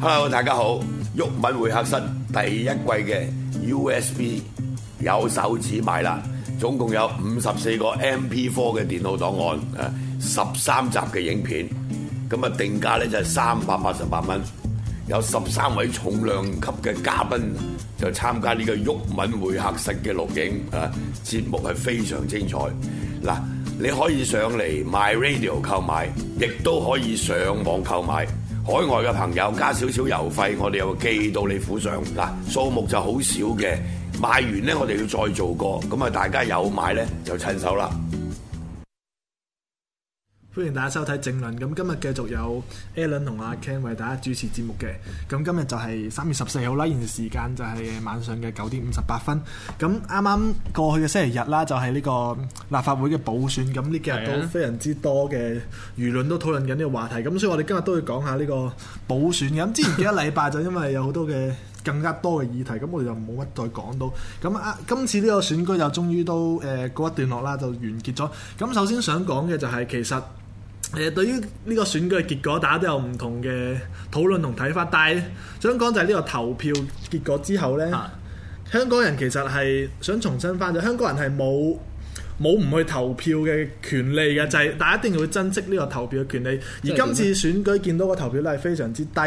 Hello，大家好！毓民會客室第一季嘅 USB 有手指賣啦，總共有五十四個 MP4 嘅電腦檔案，誒，十三集嘅影片，咁啊，定價咧就係三百八十八蚊，有十三位重量級嘅嘉賓就參加呢個毓民會客室嘅錄影，誒，節目係非常精彩。嗱，你可以上嚟 MyRadio 購買，亦都可以上網購買。海外嘅朋友加少少郵費，我哋又寄到你府上。數目就好少嘅，賣完咧，我哋要再做過。咁啊，大家有買咧就趁手啦。歡迎大家收睇政論，咁今日繼續有 Allen 同阿 Ken 為大家主持節目嘅。咁今日就係三月十四號啦，現時時間就係晚上嘅九點五十八分。咁啱啱過去嘅星期日啦，就係呢個立法會嘅補選，咁呢幾日都非常之多嘅輿論都討論緊呢個話題。咁所以我哋今日都要講下呢個補選嘅。咁之前幾多禮拜就因為有好多嘅更加多嘅議題，咁我哋就冇乜再講到。咁啊，今次呢個選舉就終於都誒告一段落啦，就完結咗。咁首先想講嘅就係其實。誒對於呢個選舉嘅結果，大家都有唔同嘅討論同睇法，但係想講就係呢個投票結果之後呢，啊、香港人其實係想重新返，就香港人係冇。冇唔去投票嘅權利嘅，就係大家一定要珍惜呢個投票嘅權利。而今次選舉見到個投票率係非常之低。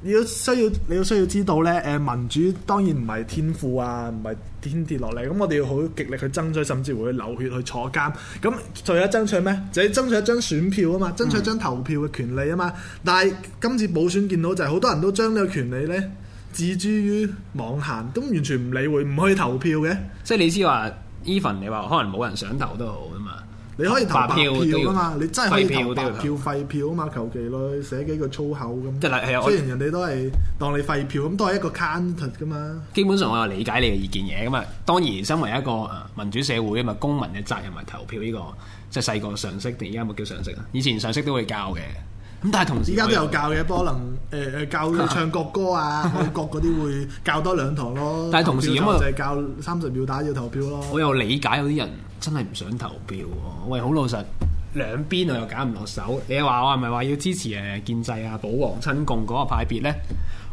你要需要你要需要知道咧，誒民主當然唔係天賦啊，唔係天跌落嚟。咁我哋要好極力去爭取，甚至會流血去坐監。咁仲有爭取咩？就係、是、爭取一張選票啊嘛，爭取一張投票嘅權利啊嘛。嗯、但係今次補選見到就係好多人都將呢個權利咧置諸於罔聞，都完全唔理會，唔去投票嘅。即係你知話。Even 你話可能冇人想投都好啊嘛，你可以投白票啊嘛，你真係可以投白票投廢票啊嘛，求其佢寫幾個粗口咁，即係雖然人哋都係當你廢票咁，都係一個 count 噶嘛。基本上我係理解你嘅意見嘢咁啊，當然身為一個民主社會啊嘛，公民嘅責任同埋投票呢個即係細個常識定而家冇叫常識啊，以前常識都會教嘅。咁但係同時，而家都有教嘅，可能誒誒教唱國歌啊、 國嗰啲會教多兩堂咯。但係同時咁啊，就係教三十秒打要投票咯。我又理解有啲人真係唔想投票喎，啊。喂，好老實，兩邊我又揀唔落手。你話我係咪話要支持誒建制啊、保皇親共嗰個派別咧？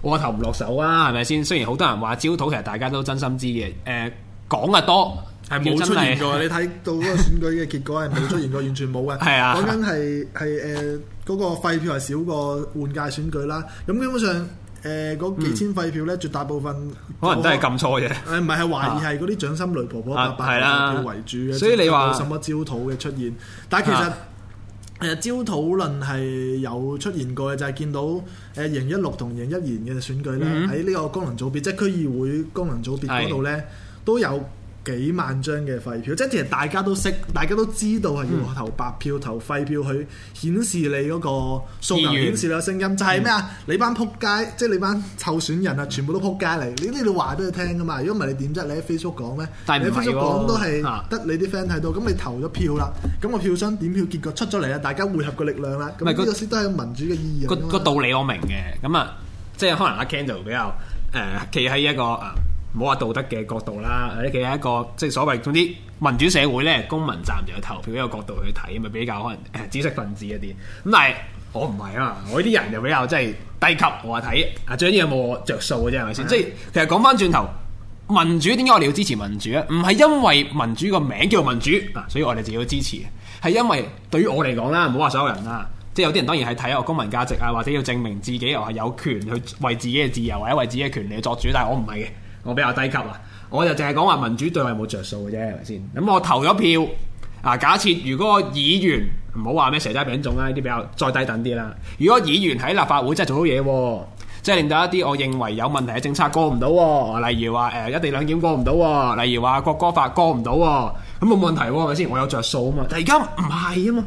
我投唔落手啊，係咪先？雖然好多人話焦土，其實大家都真心知嘅。誒、呃、講得多。係冇出現過，你睇到嗰個選舉嘅結果係冇出現過，完全冇嘅。講緊係係誒嗰個廢票係少過換屆選舉啦。咁基本上誒嗰幾千廢票咧，絕大部分可能都係撳錯嘅。誒唔係係懷疑係嗰啲掌心雷婆婆伯伯為主嘅。所以你話冇什麼焦土嘅出現？但係其實誒焦土論係有出現過嘅，就係見到誒零一六同零一言嘅選舉咧，喺呢個功能組別即係區議會功能組別嗰度咧都有。幾萬張嘅廢票，即係其實大家都識，大家都知道係要投白票、嗯、投廢票去顯示你嗰個數量，員顯示你嘅聲音。就係咩啊？嗯、你班撲街，即、就、係、是、你班候選人啊，全部都撲街嚟。你呢度話畀佢聽噶嘛？如果唔係你點啫？你喺 Facebook 講咩？但你 Facebook 講都係得你啲 friend 睇到。咁、啊、你投咗票啦，咁個票箱點票結果出咗嚟啦，大家匯合個力量啦。咁呢那那個先都係民主嘅意義啊。個道理我明嘅。咁啊，即係可能阿 Ken 就比較誒，企、呃、喺一個啊。呃唔好話道德嘅角度啦，或者嘅一個即係所謂，總之民主社會咧，公民站住去投票一個角度去睇，咪比較可能知識分子一啲咁。但係我唔係啊，我呢啲人就比較即係低級，我話睇阿張姨有冇着數嘅啫，係咪先？即係、嗯就是、其實講翻轉頭，民主點解我哋要支持民主咧？唔係因為民主個名叫民主啊，所以我哋就要支持，係因為對於我嚟講啦，唔好話所有人啦，即、就、係、是、有啲人當然係睇我公民價值啊，或者要證明自己又係有權去為自己嘅自由或者為自己嘅權利作主，但係我唔係嘅。我比較低級啊，我就淨係講話民主對我冇着數嘅啫，係咪先？咁我投咗票啊，假設如果議員唔好話咩蛇齋餅糭啊，呢啲比較再低等啲啦。如果議員喺立法會真係做到嘢，即係令到一啲我認為有問題嘅政策過唔到喎，例如話誒一地兩檢過唔到喎，例如話國歌法過唔到喎，咁冇問題喎，係咪先？我有着數啊嘛，但係而家唔係啊嘛。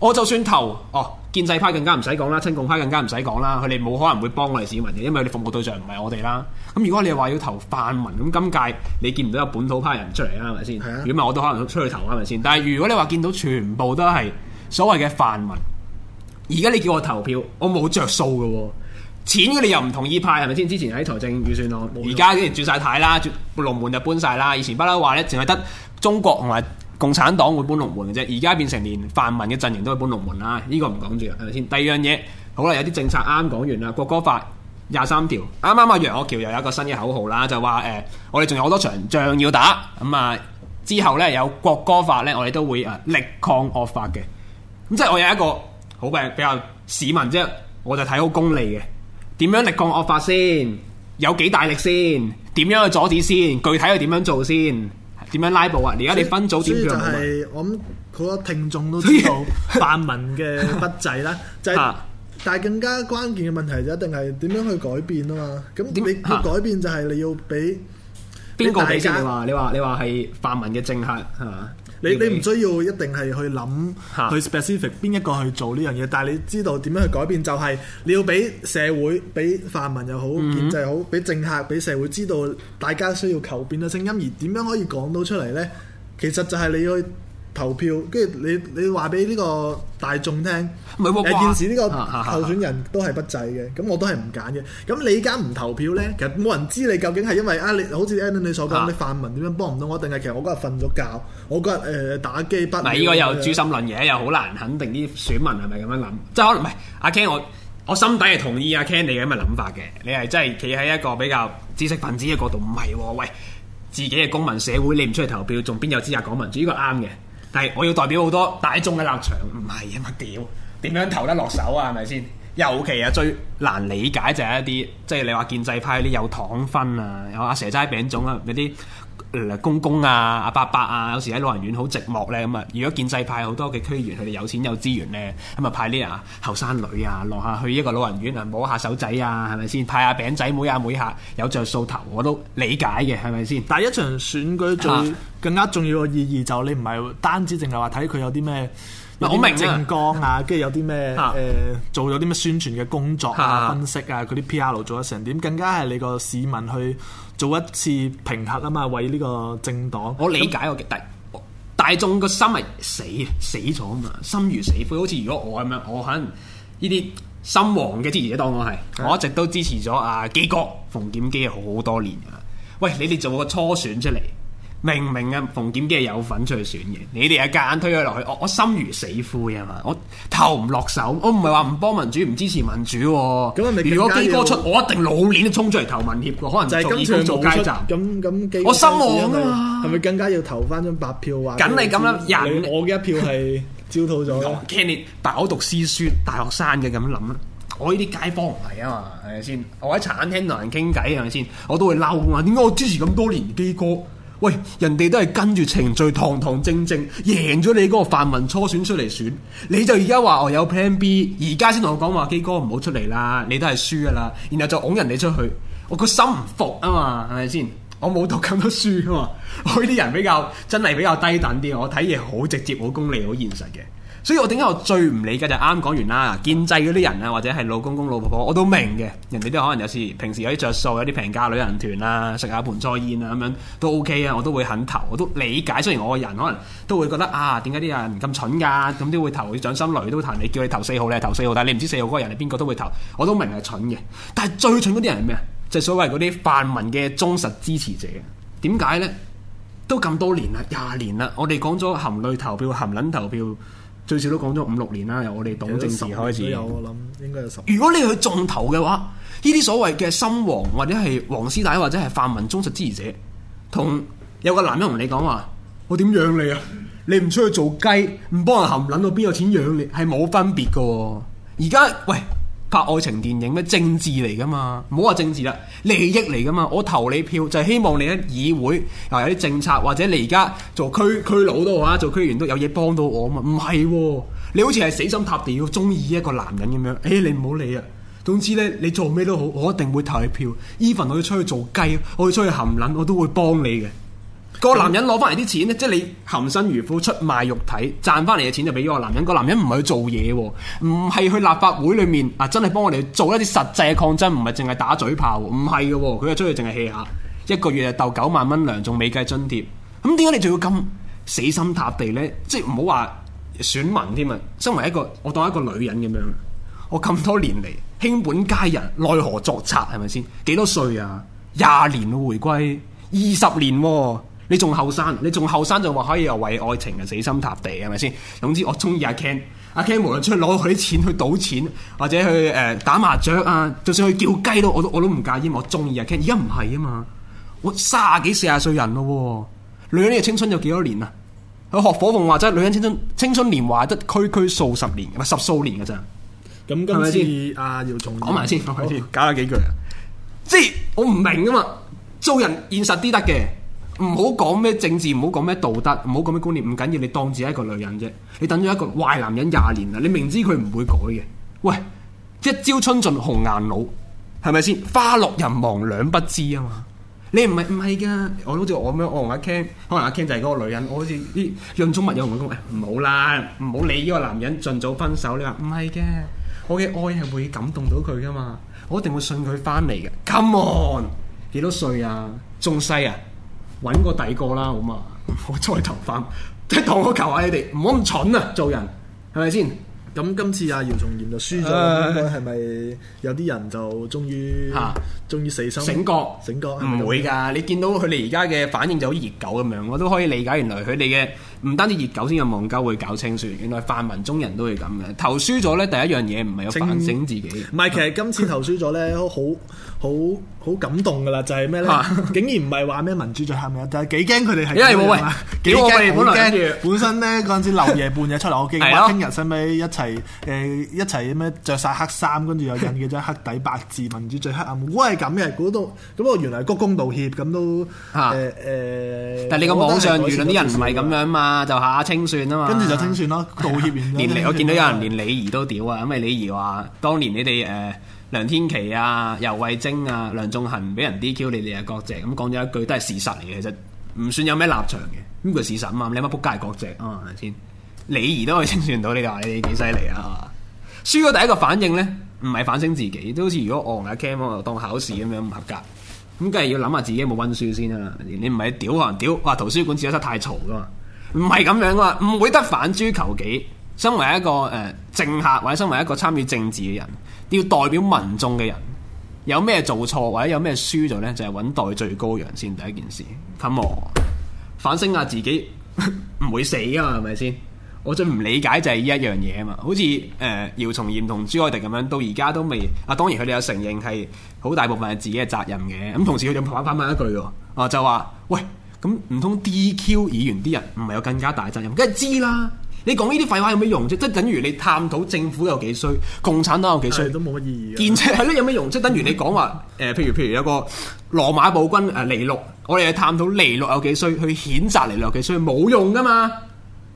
我就算投哦，建制派更加唔使講啦，親共派更加唔使講啦，佢哋冇可能會幫我哋市民嘅，因為佢哋服務對象唔係我哋啦。咁如果你係話要投泛民，咁今屆你見唔到有本土派人出嚟呀，係咪先？係呀。如果咪我都可能出去投，係咪先？但係如果你話見到全部都係所謂嘅泛民，而家你叫我投票，我冇着數㗎喎。錢嘅你又唔同意派，係咪先？之前喺財政預算案，而家已經轉晒軚啦，轉龍門就搬晒啦。以前不嬲話咧，淨係得中國同埋共產黨會搬龍門嘅啫，而家變成連泛民嘅陣營都會搬龍門啦。呢、這個唔講住，係咪先？第二樣嘢，好啦，有啲政策啱講完啦。國歌法廿三條，啱啱啊楊岳橋又有一個新嘅口號啦，就話、是、誒、呃，我哋仲有好多場仗要打。咁、嗯、啊，之後呢，有國歌法呢，我哋都會啊力抗惡法嘅。咁即係我有一個好嘅比較市民啫，我就睇好功利嘅。點樣力抗惡法先？有幾大力先？點樣去阻止先？具體係點樣做先？點樣拉布啊？而家你分組點樣啊？所以就係、是、我諗好多聽眾都知道泛民嘅不濟啦。但係更加關鍵嘅問題就一定係點樣去改變啊嘛。咁你要改變就係你要俾邊個俾先？你話你話你話係泛民嘅政客係嘛。你你唔需要一定係去諗去 specific 邊哈一個去做呢樣嘢，但係你知道點樣去改變就係、是、你要俾社會、俾泛民又好、嗯、建制好、俾政客、俾社會知道大家需要求變嘅聲音，而點樣可以講到出嚟呢？其實就係你要去。投票，跟住你你話俾呢個大眾聽，其實件事呢個候選人都係不濟嘅，咁、啊啊、我都係唔揀嘅。咁、啊啊、你而家唔投票咧，嗯、其實冇人知你究竟係因為啊，你好似 Allen 你所講，啲、啊、泛民點樣幫唔到我，定係其實我嗰日瞓咗覺，我嗰日誒打機不？你呢、呢個又主心論嘢，又好難肯定啲選民係咪咁樣諗？嗯、即係可能唔係阿 Ken，我我，我心底係同意阿 Ken 你咁嘅諗法嘅。你係真係企喺一個比較知識分子嘅角度，唔係喎，喂，自己嘅公民社會，你唔出去投票，仲邊有資格講民主？呢、呢個啱嘅。係，但我要代表好多大眾嘅立場，唔係啊嘛，屌，點樣投得落手啊？係咪先？尤其啊，最難理解就係一啲，即係你話建制派啲有糖分啊，有阿蛇齋餅糭啊嗰啲。公公啊，阿伯伯啊，有時喺老人院好寂寞咧，咁啊，如果建制派好多嘅區議員，佢哋有錢有資源咧，咁啊派啲啊後生女啊，落下去一個老人院啊，摸下手仔啊，係咪先？派下餅仔妹啊，妹下有着數頭，我都理解嘅，係咪先？但係一場選舉仲更加重要嘅意義，就你唔係單止淨係話睇佢有啲咩。嗱，我明政綱啊，跟住有啲咩誒做咗啲咩宣傳嘅工作啊、分析啊，嗰啲 P.R. 做咗成點，更加係你個市民去做一次評核啊嘛，為呢個政黨。我理解我嘅，但那大，大眾個心係死啊，死咗啊嘛，心如死灰。好似如果我咁樣，我肯，呢啲心黃嘅支持者當我係，啊、我一直都支持咗阿基哥馮檢基好多年噶。喂，你哋做個初選出嚟。明明啊，馮檢基係有份出去選嘅，你哋一夾硬推佢落去，我我心如死灰啊嘛！我投唔落手，我唔係話唔幫民主，唔支持民主喎、啊。咁如果基哥出，我一定老臉都衝出嚟投民協喎，可能做義工做街站。咁咁我失望啊！係咪更加要投翻張白票啊？梗係咁啦，人我嘅一票係焦土咗。 Cannie 飽讀詩書，大學生嘅咁諗啊！我呢啲街坊唔係啊嘛，係咪先？我喺茶餐廳同人傾偈，係咪先？我都會嬲啊！點解我支持咁多年基哥？喂，人哋都係跟住程序堂堂正正贏咗你嗰個泛民初選出嚟選，你就而家話我有 plan B，而家先同我講話基哥唔好出嚟啦，你都係輸噶啦，然後就拱人哋出去，我個心唔服啊嘛，係咪先？我冇讀咁多書啊嘛，我啲人比較真係比較低等啲，我睇嘢好直接、好功利、好現實嘅。所以我點解我最唔理解就係啱講完啦，建制嗰啲人啊，或者係老公公老婆婆，我都明嘅。人哋都可能有時平時有啲着數，有啲平價旅行團啊，食下盆菜宴啊咁樣都 OK 啊，我都會肯投，我都理解。雖然我個人可能都會覺得啊，點解啲人咁蠢噶，啊？咁都會投掌心雷都彈。你叫你投四號，你係投四號，但係你唔知四號嗰個人係邊個，都會投。我都明係蠢嘅。但係最蠢嗰啲人係咩啊？就係，是，所謂嗰啲泛民嘅忠實支持者。點解呢？都咁多年啦，廿年啦，我哋講咗含淚投票、含撚投票。最少都講咗五六年啦，由我哋黨政時開始。有我諗應該有十。如果你去重頭嘅話，呢啲所謂嘅深黃或者係黃師奶或者係泛民忠實支持者，同有個男人同你講話， 我點養你啊？你唔出去做雞，唔幫人含撚，到邊有錢養你？係冇分別嘅啊。而家喂。拍愛情電影咩？政治嚟噶嘛，唔好話政治啦，利益嚟噶嘛。我投你票就係希望你喺議會，嗱，有啲政策或者你而家做區區佬都好呀，做區議員都有嘢幫到我啊嘛。唔係喎，你好似係死心塌地要中意一個男人咁樣。誒，你唔好理啊。總之咧，你做咩都好，我一定會投你票。Even 我要出去做雞，我要出去含撚，我都會幫你嘅。個男人攞翻嚟啲錢咧，即係你含辛茹苦出賣肉體賺翻嚟嘅錢就俾個男人。個男人唔係去做嘢，哦，唔係去立法會裏面啊真係幫我哋做一啲實際嘅抗爭，唔係淨係打嘴炮，哦，唔係嘅。佢係出去淨係 hea 下，一個月啊斗九萬蚊糧，仲未計津貼。咁點解你仲要咁死心塌地呢？即係唔好話選民添啊。身為一個，我當一個女人咁樣，我咁多年嚟，卿本佳人奈何作賊，係咪先？幾多歲啊？廿年嘅回歸，二十年。你仲後生，你仲後生就話可以又為愛情啊死心塌地係咪先？總之我中意阿 Ken，阿 Ken 無論出去攞佢啲錢去賭錢，或者去誒打麻雀啊，就算去叫雞都，我都我都唔介意。我中意阿 Ken，而家唔係啊嘛，我卅幾四十歲人咯，女人嘅青春有幾多年啊？佢學火鳳話齋，女人青春青春年華得區區數十年，唔係十數年嘅咋。咁今次阿姚總講埋先，講先，加下幾句啊！即係我唔明啊嘛，做人現實啲得嘅。唔好講咩政治，唔好講咩道德，唔好講咩觀念，唔緊要。你當自己係一個女人啫。你等咗一個壞男人廿年啦，你明知佢唔會改嘅。喂，一朝春盡紅顏老，係咪先？花落人亡兩不知啊嘛。你唔係唔係噶？我好似我咁樣，我同阿 Ken，可能阿 Ken 就係嗰個女人。我好似啲養寵物有冇講？唔好啦，唔好理呢個男人，盡早分手。你話唔係嘅，我嘅愛係會感動到佢噶嘛？我一定會信佢翻嚟嘅。Come on，幾多歲啊？仲細啊？搵個第個啦，好嘛？ 我再投翻，即係當我求下你哋，唔好咁蠢啊！做人係咪先？咁今次阿、啊、姚松炎就輸咗，係咪、啊、有啲人就終於嚇，啊、終於死心醒覺，醒覺唔會㗎？是是你見到佢哋而家嘅反應就好熱狗咁樣，我都可以理解，原來佢哋嘅。唔單止熱狗先有網交會搞清算，原來泛民中人都係咁嘅。投輸咗咧，第一樣嘢唔係有反省自己。唔係，其實今次投輸咗咧，好好好感動噶啦，就係咩咧？竟然唔係話咩民主最黑暗，但係幾驚佢哋係。因為喂，幾驚本身咧嗰陣時漏夜半夜出嚟，我驚聽日使唔使一齊誒一齊咩着晒黑衫，跟住又印幾張黑底白字民主最黑暗。如果係咁嘅，嗰度咁我原來鞠躬道歉咁都誒誒。但係你個網上輿論啲人唔係咁樣嘛？啊，就下清算啊嘛，跟住就清算啦，道歉完。連嚟、哎、呀我見到有人連李怡都屌啊，因為李怡話當年你哋誒、呃、梁天琦啊、游蕙禎啊、梁頌恆俾人 D Q，你哋係國籍咁講咗一句都係事實嚟嘅，其實唔算有咩立場嘅，咁佢事實啊嘛，你阿仆街係國籍啊，先李怡都可以清算到、這個、你哋，幾犀利啊！輸、啊、咗第一個反應咧，唔係反省自己，都好似如果我同阿 Ken 當考試咁樣唔合格，咁梗係要諗下自己有冇溫書先啦、啊。你唔係屌可能屌，屌，哇！圖書館自修室太嘈噶。唔係咁樣啊！唔會得反諸求己。身為一個誒、呃、政客，或者身為一個參與政治嘅人，要代表民眾嘅人，有咩做錯或者有咩輸咗呢？就係、是、揾代罪羔羊先。第一件事，咁反省下自己，唔 會死噶嘛？係咪先？我最唔理解就係呢一樣嘢啊嘛！好似誒、呃、姚松炎同朱凱迪咁樣，到而家都未。啊，當然佢哋有承認係好大部分係自己嘅責任嘅。咁同時佢就反反問一句喎，啊就話喂。咁唔通 DQ 議員啲人唔係有更加大責任？梗係知啦！你講呢啲廢話有咩用啫？即係等於你探討政府有幾衰，共產黨有幾衰，都冇乜意義嘅。建設係咯，有咩用？即係等於你講話誒、呃，譬如譬如，譬如有個羅馬暴君誒、呃、尼祿，我哋係探討尼祿有幾衰，去譴責尼祿有幾衰，冇用㗎嘛！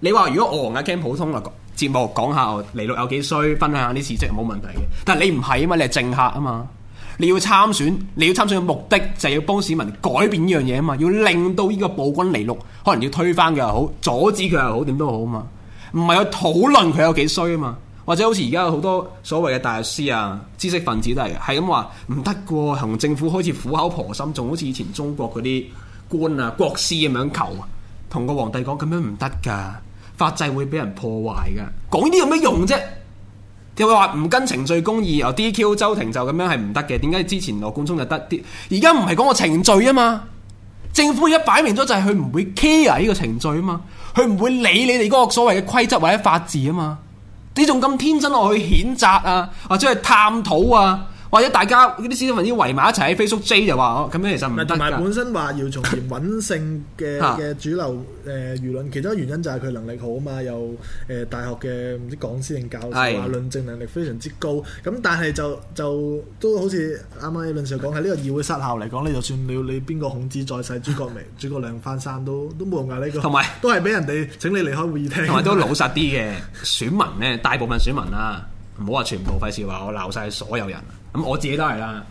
你話如果我嘅聽普通嘅節目講下尼祿有幾衰，分享下啲事跡冇問題嘅。但係你唔係啊嘛，你係政客啊嘛。你要參選，你要參選嘅目的就係要幫市民改變呢樣嘢啊嘛，要令到呢個暴君離陸，可能要推翻佢又好，阻止佢又好，點都好啊嘛。唔係去討論佢有幾衰啊嘛，或者好似而家有好多所謂嘅大律師啊、知識分子都係，係咁話唔得嘅，同政府開始苦口婆心，仲好似以前中國嗰啲官啊、國師咁樣求啊，同個皇帝講咁樣唔得噶，法制會俾人破壞嘅，講呢啲有咩用啫？佢話唔跟程序公義，又 DQ 周庭就咁樣係唔得嘅。點解之前羅冠聰就得啲？而家唔係講個程序啊嘛，政府一擺明咗就係佢唔會 care 呢個程序啊嘛，佢唔會理你哋嗰個所謂嘅規則或者法治啊嘛，你仲咁天真落去譴責啊，或者去探討啊？或者大家嗰啲少數分子圍埋一齊喺 Facebook J 就話哦，咁樣其實唔得。同埋本身話要從而穩勝嘅嘅主流誒輿論，呃、其中一個原因就係佢能力好啊嘛，又誒、呃、大學嘅唔知講師定教授，話論證能力非常之高。咁的但係就就，就都好似啱啱你論時講喺呢個議會失效嚟講，你就算你你邊個孔子再世，諸葛眉、諸葛亮翻生都都冇用噶呢、呢個。同埋有都係俾人哋請你離開會議廳。同埋都老實啲嘅選民咧，大部分選民啊，唔好話全部費事話我鬧晒所有人。咁、嗯、我自己都係啦，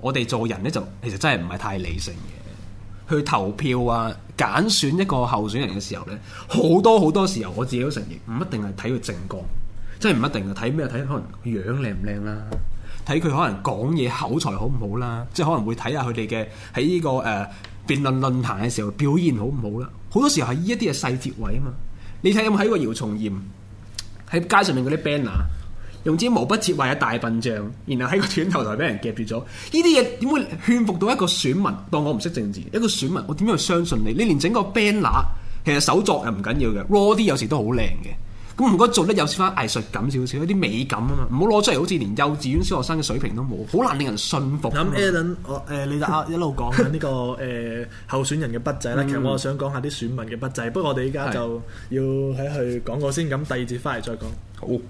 我哋做人呢，就其實真係唔係太理性嘅，去投票啊、揀選一個候選人嘅時候呢，好多好多時候我自己都承認，唔一定係睇佢政綱，真係唔一定嘅，睇咩睇可能樣靚唔靚啦，睇佢可能講嘢口才好唔好啦，即係可能會睇下佢哋嘅喺呢個誒辯論論壇嘅時候表現好唔好啦，好多時候係呢一啲嘅細節位啊嘛，你睇有冇喺個姚松炎，喺街上面嗰啲 banner。用支毛筆寫壞一大笨象，然後喺個斷頭台俾人夾住咗。呢啲嘢點會勸服到一個選民？當我唔識政治，一個選民我點樣去相信你？你連整個 banner 其實手作又唔緊要嘅 raw 啲有時都好靚嘅。咁如果做得有少翻藝術感少少，有啲美感啊嘛，唔好攞出嚟好似連幼稚園小學生嘅水平都冇，好難令人信服。咁 Allen，你一路講緊呢個誒、呃、候選人嘅筆仔啦，其實我想講下啲選民嘅筆仔。不過我哋依家就要喺去講過先，咁第二節翻嚟再講。好。